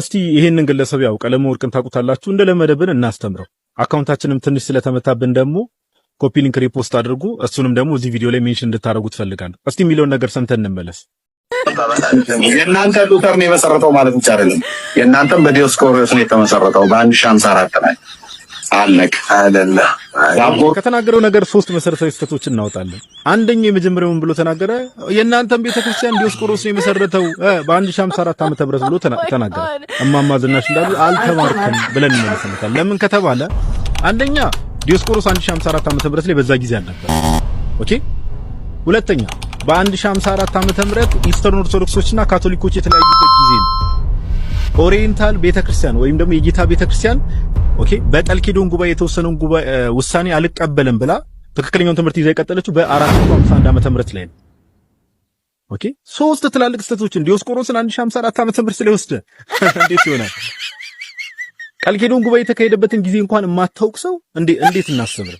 እስቲ ይህንን ግለሰብ ያው ቀለሙ ቀለመወርቅን ታውቁታላችሁ፣ እንደለመደብን እናስተምረው። አካውንታችንም ትንሽ ስለተመታብን ደግሞ ኮፒ ሊንክ ሪፖስት አድርጉ። እሱንም ደግሞ እዚህ ቪዲዮ ላይ ሜንሽን እንድታደርጉ ትፈልጋለሁ። እስቲ የሚለውን ነገር ሰምተን እንመለስ። የእናንተ ሉተር ነው የመሰረተው ማለት ብቻ አይደለም። የእናንተም በዲዮስኮርስ ነው የተመሰረተው በአንድ ሺህ ሃምሳ አራት ላይ አለቅ አለና ከተናገረው ነገር ሶስት መሰረታዊ ስህተቶች እናወጣለን። አንደኛው የመጀመሪያውን ብሎ ተናገረ። የእናንተን ቤተክርስቲያን ዲዮስቆሮስ ነው የመሰረተው በ1054 ዓመተ ምህረት ብሎ ተናገረ። እማማ ዝናሽ እንዳሉ አልተማርክም ብለን እንመለስበታል። ለምን ከተባለ አንደኛ ዲዮስቆሮስ 1054 ዓመተ ምህረት ላይ በዛ ጊዜ አልነበር። ኦኬ። ሁለተኛ በ1054 ዓመተ ምህረት ኢስተርን ኦርቶዶክሶችና ካቶሊኮች የተለያዩበት ጊዜ ነው። ኦሪየንታል ቤተክርስቲያን ወይም ደግሞ የጌታ ቤተክርስቲያን ኦኬ በጠልኪዱን ጉባኤ የተወሰነውን ጉባኤ ውሳኔ አልቀበልም ብላ ትክክለኛውን ትምህርት ይዛ የቀጠለችው በ451 ዓመተ ምህረት ላይ ነው። ኦኬ ሶስት ትላልቅ ስህተቶችን ዲዮስቆሮስን 1054 ዓመተ ምህረት ላይ ወስደ እንዴት ይሆናል? ቃልኪዶን ጉባኤ የተካሄደበትን ጊዜ እንኳን የማታውቅ ሰው እንዴት እናስብ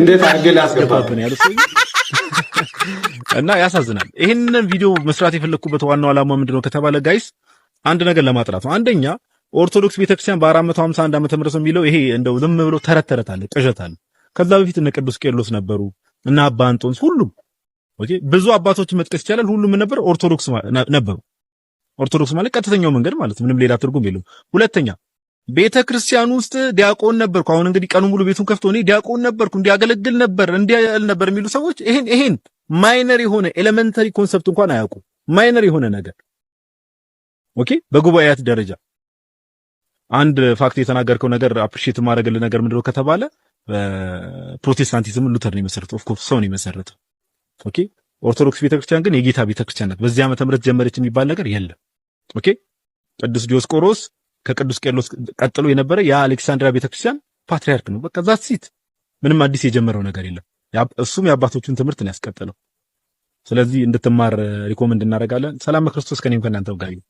እንዴት አድርጌ ላስገባብን ያለ ሰው እና ያሳዝናል። ይህንን ቪዲዮ መስራት የፈለግኩበት ዋናው ዓላማ ምንድነው ከተባለ ጋይስ አንድ ነገር ለማጥራት ነው። አንደኛ ኦርቶዶክስ ቤተክርስቲያን በ451 ዓመተ ምህረት የሚለው ይሄ እንደው ዝም ብሎ ተረት ተረት አለ፣ ቅዠት አለ። ከዛ በፊት እነ ቅዱስ ቄርሎስ ነበሩ እና አባ አንጦንስ ሁሉም ኦኬ፣ ብዙ አባቶችን መጥቀስ ይቻላል። ሁሉም ምን ነበር? ኦርቶዶክስ ነበሩ። ኦርቶዶክስ ማለት ቀጥተኛው መንገድ ማለት ምንም ሌላ ትርጉም የለውም። ሁለተኛ ቤተ ክርስቲያን ውስጥ ዲያቆን ነበርኩ። አሁን እንግዲህ ቀኑ ሙሉ ቤቱን ከፍቶ እኔ ዲያቆን ነበርኩ እንዲያገለግል ነበር እንዲያል ነበር የሚሉ ሰዎች ይሄን ይሄን ማይነር የሆነ ኤሌመንተሪ ኮንሰፕት እንኳን አያውቁ። ማይነር የሆነ ነገር ኦኬ በጉባኤያት ደረጃ አንድ ፋክት የተናገርከው ነገር አፕሪሺት ማድረግልህ ነገር ምንድን ነው ከተባለ ፕሮቴስታንቲዝም ሉተር ነው የመሰረተው። ኦፍ ኮርስ ሰው ነው የመሰረተው። ኦኬ ኦርቶዶክስ ቤተክርስቲያን ግን የጌታ ቤተክርስቲያን ናት። በዚህ ዓመተ ምህረት ጀመረች የሚባል ነገር የለም። ኦኬ ቅዱስ ዲዮስቆሮስ ከቅዱስ ቄርሎስ ቀጥሎ የነበረ የአሌክሳንድሪያ ቤተክርስቲያን ፓትሪያርክ ነው። በቃ ዛት ሲት ምንም አዲስ የጀመረው ነገር የለም። እሱም የአባቶቹን ትምህርት ነው ያስቀጠለው። ስለዚህ እንድትማር ሪኮመንድ እናደርጋለን። ሰላም ክርስቶስ ከኔም ከእናንተው ጋር